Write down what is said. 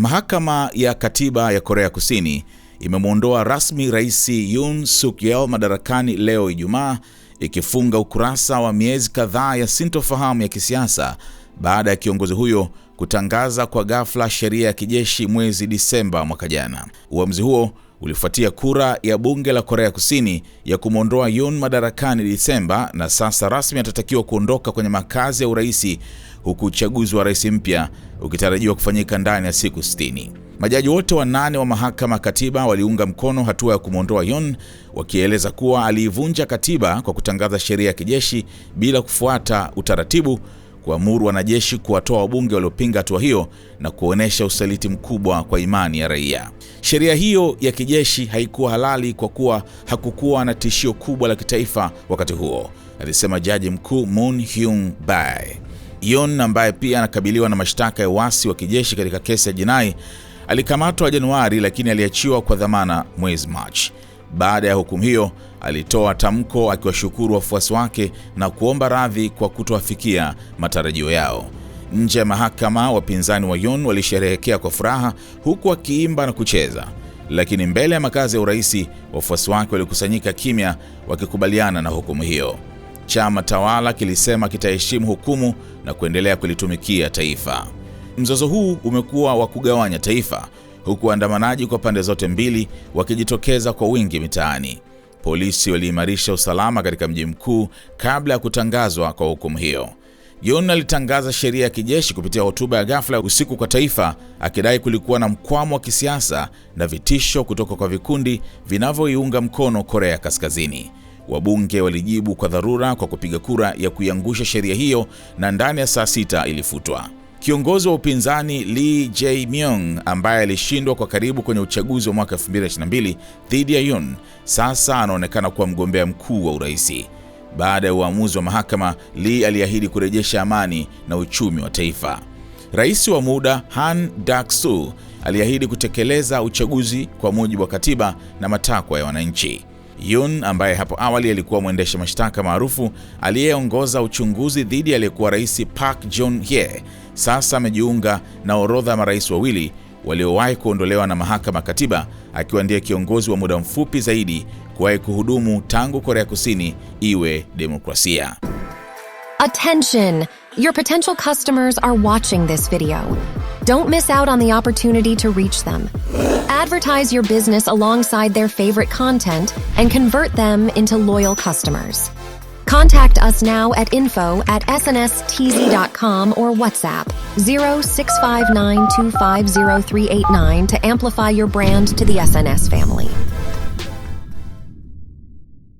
Mahakama ya Katiba ya Korea Kusini imemwondoa rasmi Rais Yoon Suk Yeol madarakani leo Ijumaa, ikifunga ukurasa wa miezi kadhaa ya sintofahamu ya kisiasa baada ya kiongozi huyo kutangaza kwa ghafla sheria ya kijeshi mwezi Disemba mwaka jana. Uamuzi huo ulifuatia kura ya bunge la Korea Kusini ya kumwondoa Yoon madarakani Disemba, na sasa rasmi atatakiwa kuondoka kwenye makazi ya uraisi huku uchaguzi wa rais mpya ukitarajiwa kufanyika ndani ya siku 60. Majaji wote wanane wa mahakama katiba waliunga mkono hatua ya kumwondoa Yon, wakieleza kuwa aliivunja katiba kwa kutangaza sheria ya kijeshi bila kufuata utaratibu, kuamuru wanajeshi kuwatoa wabunge waliopinga hatua hiyo na kuonyesha usaliti mkubwa kwa imani ya raia. Sheria hiyo ya kijeshi haikuwa halali kwa kuwa hakukuwa na tishio kubwa la kitaifa wakati huo, alisema Jaji Mkuu Moon Hyung Bae. Yon ambaye pia anakabiliwa na mashtaka ya uasi wa kijeshi katika kesi ya jinai alikamatwa Januari lakini aliachiwa kwa dhamana mwezi Machi. Baada ya hukumu hiyo, alitoa tamko akiwashukuru wafuasi wake na kuomba radhi kwa kutowafikia matarajio yao. Nje ya mahakama, wapinzani wa Yon walisherehekea kwa furaha huku wakiimba na kucheza, lakini mbele ya makazi ya uraisi, wafuasi wake walikusanyika kimya, wakikubaliana na hukumu hiyo. Chama tawala kilisema kitaheshimu hukumu na kuendelea kulitumikia taifa. Mzozo huu umekuwa wa kugawanya taifa, huku waandamanaji kwa pande zote mbili wakijitokeza kwa wingi mitaani. Polisi waliimarisha usalama katika mji mkuu kabla ya kutangazwa kwa hukumu hiyo. John alitangaza sheria ya kijeshi kupitia hotuba ya ghafla usiku kwa taifa, akidai kulikuwa na mkwamo wa kisiasa na vitisho kutoka kwa vikundi vinavyoiunga mkono Korea Kaskazini. Wabunge walijibu kwa dharura kwa kupiga kura ya kuiangusha sheria hiyo na ndani ya saa sita ilifutwa. Kiongozi wa upinzani Lee Jae-myung ambaye alishindwa kwa karibu kwenye uchaguzi wa mwaka 2022 dhidi ya Yoon, sasa anaonekana kuwa mgombea mkuu wa uraisi. Baada ya uamuzi wa mahakama, Lee aliahidi kurejesha amani na uchumi wa taifa. Rais wa muda Han Duck-soo aliahidi kutekeleza uchaguzi kwa mujibu wa katiba na matakwa ya wananchi yun ambaye hapo awali alikuwa mwendesha mashtaka maarufu aliyeongoza uchunguzi dhidi aliyekuwa rais Park Geun-hye, sasa amejiunga na orodha ya marais wawili waliowahi kuondolewa na mahakama katiba, akiwa ndiye kiongozi wa muda mfupi zaidi kuwahi kuhudumu tangu Korea Kusini iwe demokrasia. Attention, your potential customers are watching this video. Don't miss out on the opportunity to reach them. Advertise your business alongside their favorite content and convert them into loyal customers. Contact us now at info at snstz.com or WhatsApp 0659250389 to amplify your brand to the SNS family.